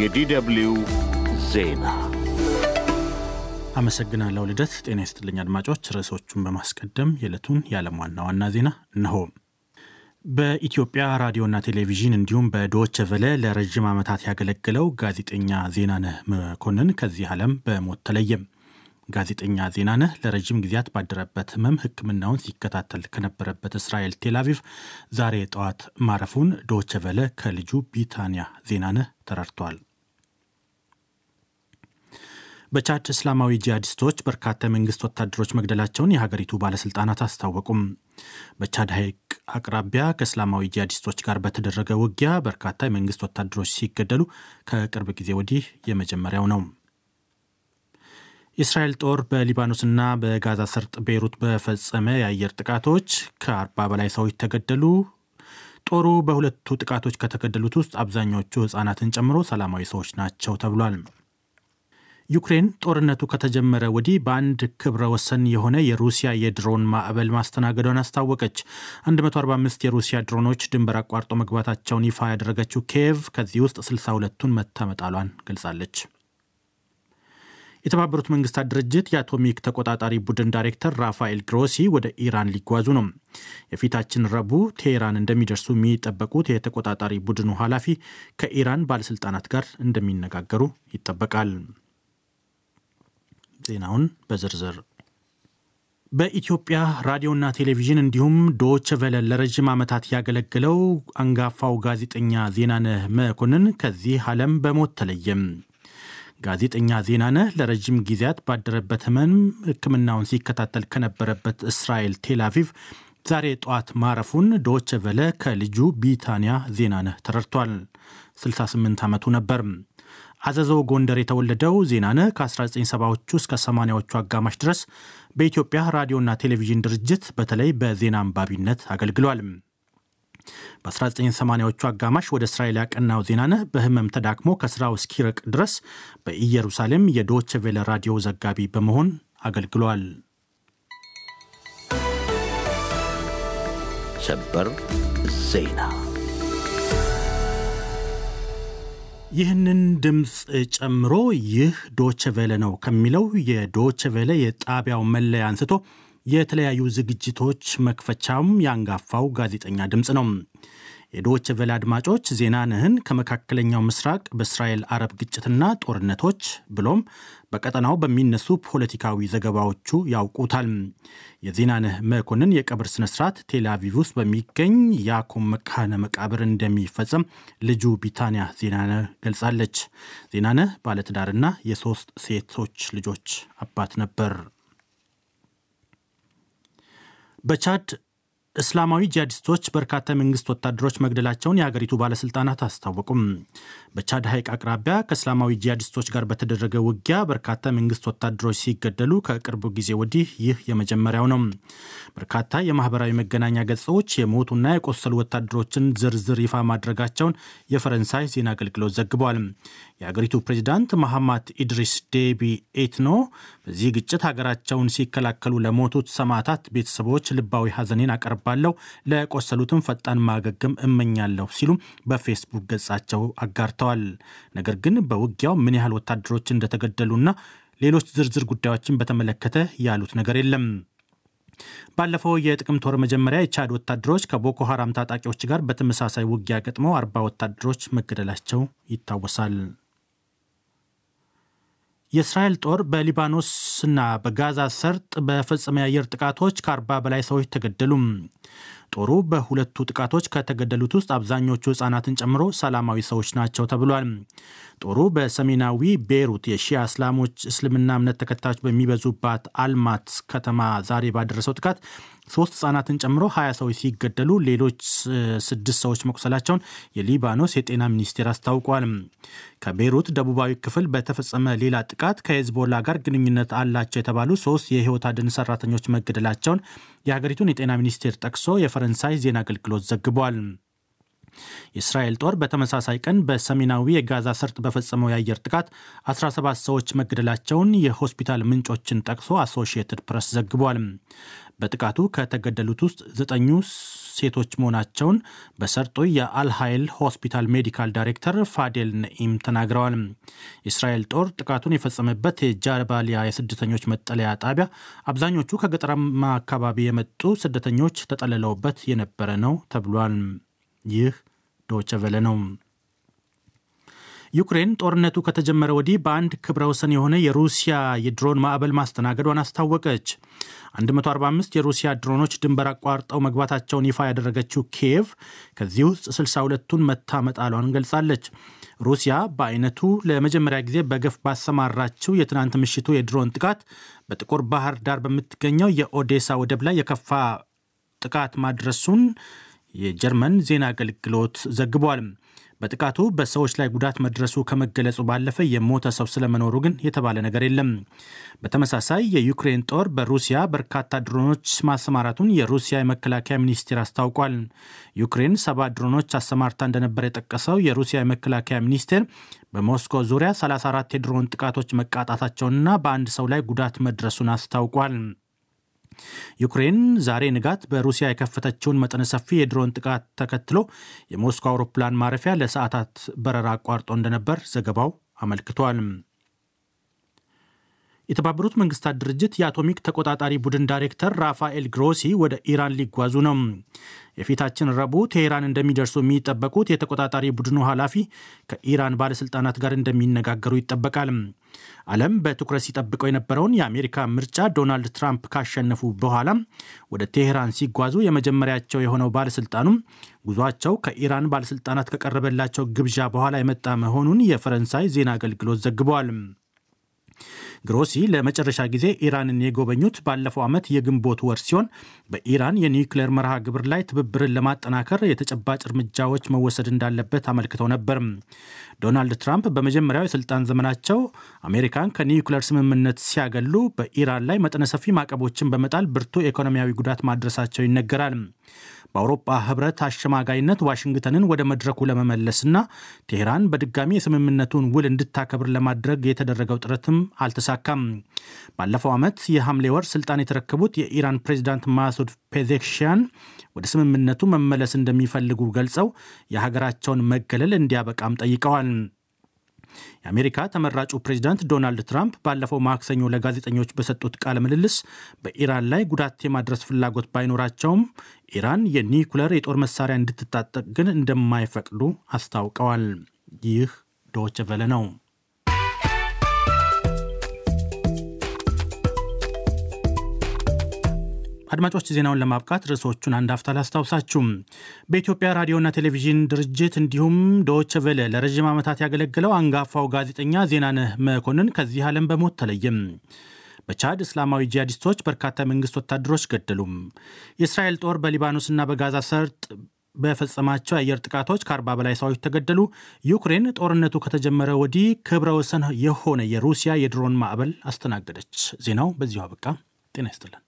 የዲደብልዩ ዜና አመሰግናለሁ ልደት። ጤና ይስጥልኝ አድማጮች። ርዕሶቹን በማስቀደም የዕለቱን የዓለም ዋና ዋና ዜና እነሆ። በኢትዮጵያ ራዲዮና ቴሌቪዥን እንዲሁም በዶች ቨለ ለረዥም ዓመታት ያገለግለው ጋዜጠኛ ዜናነህ መኮንን ከዚህ ዓለም በሞት ተለየም። ጋዜጠኛ ዜናነህ ለረዥም ጊዜያት ባደረበት ህመም ህክምናውን ሲከታተል ከነበረበት እስራኤል ቴላቪቭ ዛሬ ጠዋት ማረፉን ዶቸቨለ ከልጁ ቢታንያ ዜናነህ ተረድቷል። በቻድ እስላማዊ ጂሃዲስቶች በርካታ የመንግስት ወታደሮች መግደላቸውን የሀገሪቱ ባለስልጣናት አስታወቁም። በቻድ ሐይቅ አቅራቢያ ከእስላማዊ ጂሃዲስቶች ጋር በተደረገ ውጊያ በርካታ የመንግስት ወታደሮች ሲገደሉ ከቅርብ ጊዜ ወዲህ የመጀመሪያው ነው። የእስራኤል ጦር በሊባኖስና በጋዛ ሰርጥ ቤይሩት በፈጸመ የአየር ጥቃቶች ከአርባ በላይ ሰዎች ተገደሉ። ጦሩ በሁለቱ ጥቃቶች ከተገደሉት ውስጥ አብዛኛዎቹ ሕፃናትን ጨምሮ ሰላማዊ ሰዎች ናቸው ተብሏል። ዩክሬን ጦርነቱ ከተጀመረ ወዲህ በአንድ ክብረ ወሰን የሆነ የሩሲያ የድሮን ማዕበል ማስተናገዷን አስታወቀች። 145 የሩሲያ ድሮኖች ድንበር አቋርጦ መግባታቸውን ይፋ ያደረገችው ኪየቭ ከዚህ ውስጥ 62ቱን መታ መጣሏን ገልጻለች። የተባበሩት መንግስታት ድርጅት የአቶሚክ ተቆጣጣሪ ቡድን ዳይሬክተር ራፋኤል ግሮሲ ወደ ኢራን ሊጓዙ ነው። የፊታችን ረቡዕ ቴሄራን እንደሚደርሱ የሚጠበቁት የተቆጣጣሪ ቡድኑ ኃላፊ ከኢራን ባለስልጣናት ጋር እንደሚነጋገሩ ይጠበቃል። ዜናውን በዝርዝር በኢትዮጵያ ራዲዮና ቴሌቪዥን እንዲሁም ዶቼ ቬለ ለረዥም ዓመታት ያገለገለው አንጋፋው ጋዜጠኛ ዜናነህ መኮንን ከዚህ ዓለም በሞት ተለየም። ጋዜጠኛ ዜናነህ ለረዥም ጊዜያት ባደረበት ህመም ህክምናውን ሲከታተል ከነበረበት እስራኤል ቴላቪቭ ዛሬ ጠዋት ማረፉን ዶች ቨለ ከልጁ ቢታንያ ዜናነህ ተረድቷል። 68 ዓመቱ ነበር። አዘዞ ጎንደር የተወለደው ዜናነህ ከ1970ዎቹ እስከ 80ዎቹ አጋማሽ ድረስ በኢትዮጵያ ራዲዮና ቴሌቪዥን ድርጅት በተለይ በዜና አንባቢነት አገልግሏል። በ1980ዎቹ አጋማሽ ወደ እስራኤል ያቀናው ዜናነህ በህመም ተዳክሞ ከስራው እስኪርቅ ድረስ በኢየሩሳሌም የዶችቬለ ራዲዮ ዘጋቢ በመሆን አገልግሏል። ሰበር ዜና ይህንን ድምፅ ጨምሮ ይህ ዶቸቬለ ነው ከሚለው የዶቸቬለ የጣቢያው መለያ አንስቶ የተለያዩ ዝግጅቶች መክፈቻም የአንጋፋው ጋዜጠኛ ድምፅ ነው። የዶች ቬለ አድማጮች ዜና ነህን ከመካከለኛው ምስራቅ በእስራኤል አረብ ግጭትና ጦርነቶች ብሎም በቀጠናው በሚነሱ ፖለቲካዊ ዘገባዎቹ ያውቁታል። የዜና ነህ መኮንን የቀብር ስነስርዓት ቴል አቪቭ ውስጥ በሚገኝ ያዕቆብ መካነ መቃብር እንደሚፈጸም ልጁ ቢታንያ ዜና ነህ ገልጻለች። ዜና ነህ ባለትዳርና የሶስት ሴቶች ልጆች አባት ነበር። በቻድ እስላማዊ ጂሃዲስቶች በርካታ የመንግስት ወታደሮች መግደላቸውን የሀገሪቱ ባለስልጣናት አስታወቁም። በቻድ ሐይቅ አቅራቢያ ከእስላማዊ ጂሃዲስቶች ጋር በተደረገ ውጊያ በርካታ የመንግስት ወታደሮች ሲገደሉ ከቅርብ ጊዜ ወዲህ ይህ የመጀመሪያው ነው። በርካታ የማህበራዊ መገናኛ ገጾች የሞቱና የቆሰሉ ወታደሮችን ዝርዝር ይፋ ማድረጋቸውን የፈረንሳይ ዜና አገልግሎት ዘግቧል። የሀገሪቱ ፕሬዚዳንት መሐማት ኢድሪስ ዴቢ ኤትኖ በዚህ ግጭት ሀገራቸውን ሲከላከሉ ለሞቱት ሰማዕታት ቤተሰቦች ልባዊ ሀዘኔን አቀርብ ባለው ለቆሰሉትም ፈጣን ማገገም እመኛለሁ ሲሉም በፌስቡክ ገጻቸው አጋርተዋል። ነገር ግን በውጊያው ምን ያህል ወታደሮች እንደተገደሉና ሌሎች ዝርዝር ጉዳዮችን በተመለከተ ያሉት ነገር የለም። ባለፈው የጥቅምት ወር መጀመሪያ የቻድ ወታደሮች ከቦኮ ሀራም ታጣቂዎች ጋር በተመሳሳይ ውጊያ ገጥመው አርባ ወታደሮች መገደላቸው ይታወሳል። የእስራኤል ጦር በሊባኖስና በጋዛ ሰርጥ በፈጸመ የአየር ጥቃቶች ከ40 በላይ ሰዎች ተገደሉም። ጦሩ በሁለቱ ጥቃቶች ከተገደሉት ውስጥ አብዛኞቹ ህጻናትን ጨምሮ ሰላማዊ ሰዎች ናቸው ተብሏል። ጦሩ በሰሜናዊ ቤይሩት የሺያ እስላሞች እስልምና እምነት ተከታዮች በሚበዙባት አልማት ከተማ ዛሬ ባደረሰው ጥቃት ሶስት ህጻናትን ጨምሮ ሀያ ሰዎች ሲገደሉ ሌሎች ስድስት ሰዎች መቁሰላቸውን የሊባኖስ የጤና ሚኒስቴር አስታውቋል። ከቤሩት ደቡባዊ ክፍል በተፈጸመ ሌላ ጥቃት ከሄዝቦላ ጋር ግንኙነት አላቸው የተባሉ ሶስት የህይወት አድን ሰራተኞች መገደላቸውን የሀገሪቱን የጤና ሚኒስቴር ጠቅሶ የፈረንሳይ ዜና አገልግሎት ዘግቧል። የእስራኤል ጦር በተመሳሳይ ቀን በሰሜናዊ የጋዛ ሰርጥ በፈጸመው የአየር ጥቃት 17 ሰዎች መገደላቸውን የሆስፒታል ምንጮችን ጠቅሶ አሶሺየትድ ፕሬስ ዘግቧል። በጥቃቱ ከተገደሉት ውስጥ ዘጠኙ ሴቶች መሆናቸውን በሰርጡ የአልሃይል ሆስፒታል ሜዲካል ዳይሬክተር ፋዴል ነኢም ተናግረዋል። የእስራኤል ጦር ጥቃቱን የፈጸመበት የጃርባሊያ የስደተኞች መጠለያ ጣቢያ አብዛኞቹ ከገጠራማ አካባቢ የመጡ ስደተኞች ተጠልለውበት የነበረ ነው ተብሏል። ይህ ዶቸ ቨለ ነው። ዩክሬን ጦርነቱ ከተጀመረ ወዲህ በአንድ ክብረ ወሰን የሆነ የሩሲያ የድሮን ማዕበል ማስተናገዷን አስታወቀች። 145 የሩሲያ ድሮኖች ድንበር አቋርጠው መግባታቸውን ይፋ ያደረገችው ኪየቭ ከዚህ ውስጥ 62ቱን መታ መጣሏን ገልጻለች። ሩሲያ በአይነቱ ለመጀመሪያ ጊዜ በገፍ ባሰማራችው የትናንት ምሽቱ የድሮን ጥቃት በጥቁር ባህር ዳር በምትገኘው የኦዴሳ ወደብ ላይ የከፋ ጥቃት ማድረሱን የጀርመን ዜና አገልግሎት ዘግቧል። በጥቃቱ በሰዎች ላይ ጉዳት መድረሱ ከመገለጹ ባለፈ የሞተ ሰው ስለመኖሩ ግን የተባለ ነገር የለም። በተመሳሳይ የዩክሬን ጦር በሩሲያ በርካታ ድሮኖች ማሰማራቱን የሩሲያ የመከላከያ ሚኒስቴር አስታውቋል። ዩክሬን ሰባ ድሮኖች አሰማርታ እንደነበር የጠቀሰው የሩሲያ የመከላከያ ሚኒስቴር በሞስኮ ዙሪያ 34 የድሮን ጥቃቶች መቃጣታቸውንና በአንድ ሰው ላይ ጉዳት መድረሱን አስታውቋል። ዩክሬን ዛሬ ንጋት በሩሲያ የከፈተችውን መጠነ ሰፊ የድሮን ጥቃት ተከትሎ የሞስኮ አውሮፕላን ማረፊያ ለሰዓታት በረራ አቋርጦ እንደነበር ዘገባው አመልክቷል። የተባበሩት መንግስታት ድርጅት የአቶሚክ ተቆጣጣሪ ቡድን ዳይሬክተር ራፋኤል ግሮሲ ወደ ኢራን ሊጓዙ ነው። የፊታችን ረቡዕ ቴሄራን እንደሚደርሱ የሚጠበቁት የተቆጣጣሪ ቡድኑ ኃላፊ ከኢራን ባለሥልጣናት ጋር እንደሚነጋገሩ ይጠበቃል። ዓለም በትኩረት ሲጠብቀው የነበረውን የአሜሪካ ምርጫ ዶናልድ ትራምፕ ካሸነፉ በኋላ ወደ ቴሄራን ሲጓዙ የመጀመሪያቸው የሆነው ባለሥልጣኑም ጉዟቸው ከኢራን ባለሥልጣናት ከቀረበላቸው ግብዣ በኋላ የመጣ መሆኑን የፈረንሳይ ዜና አገልግሎት ዘግቧል። ግሮሲ ለመጨረሻ ጊዜ ኢራንን የጎበኙት ባለፈው ዓመት የግንቦት ወር ሲሆን በኢራን የኒውክሌር መርሃ ግብር ላይ ትብብርን ለማጠናከር የተጨባጭ እርምጃዎች መወሰድ እንዳለበት አመልክተው ነበር። ዶናልድ ትራምፕ በመጀመሪያው የስልጣን ዘመናቸው አሜሪካን ከኒውክሌር ስምምነት ሲያገሉ በኢራን ላይ መጠነ ሰፊ ማዕቀቦችን በመጣል ብርቱ ኢኮኖሚያዊ ጉዳት ማድረሳቸው ይነገራል። በአውሮፓ ህብረት አሸማጋይነት ዋሽንግተንን ወደ መድረኩ ለመመለስና ቴሄራን በድጋሚ የስምምነቱን ውል እንድታከብር ለማድረግ የተደረገው ጥረትም አልተሳካም። ባለፈው ዓመት የሐምሌ ወር ስልጣን የተረከቡት የኢራን ፕሬዚዳንት ማሱድ ፔዜክሽያን ወደ ስምምነቱ መመለስ እንደሚፈልጉ ገልጸው የሀገራቸውን መገለል እንዲያበቃም ጠይቀዋል። የአሜሪካ ተመራጩ ፕሬዚዳንት ዶናልድ ትራምፕ ባለፈው ማክሰኞ ለጋዜጠኞች በሰጡት ቃለ ምልልስ በኢራን ላይ ጉዳት የማድረስ ፍላጎት ባይኖራቸውም ኢራን የኒኩለር የጦር መሳሪያ እንድትታጠቅ ግን እንደማይፈቅዱ አስታውቀዋል። ይህ ዶችቨለ ነው። አድማጮች ዜናውን ለማብቃት ርዕሶቹን አንድ አፍታ ላስታውሳችሁም። በኢትዮጵያ ራዲዮና ቴሌቪዥን ድርጅት እንዲሁም ዶች ቨለ ለረዥም ዓመታት ያገለገለው አንጋፋው ጋዜጠኛ ዜናነህ መኮንን ከዚህ ዓለም በሞት ተለየም። በቻድ እስላማዊ ጂሃዲስቶች በርካታ የመንግስት ወታደሮች ገደሉም። የእስራኤል ጦር በሊባኖስና በጋዛ ሰርጥ በፈጸማቸው የአየር ጥቃቶች ከአርባ በላይ ሰዎች ተገደሉ። ዩክሬን ጦርነቱ ከተጀመረ ወዲህ ክብረ ወሰን የሆነ የሩሲያ የድሮን ማዕበል አስተናገደች። ዜናው በዚሁ አበቃ። ጤና ይስጥልን።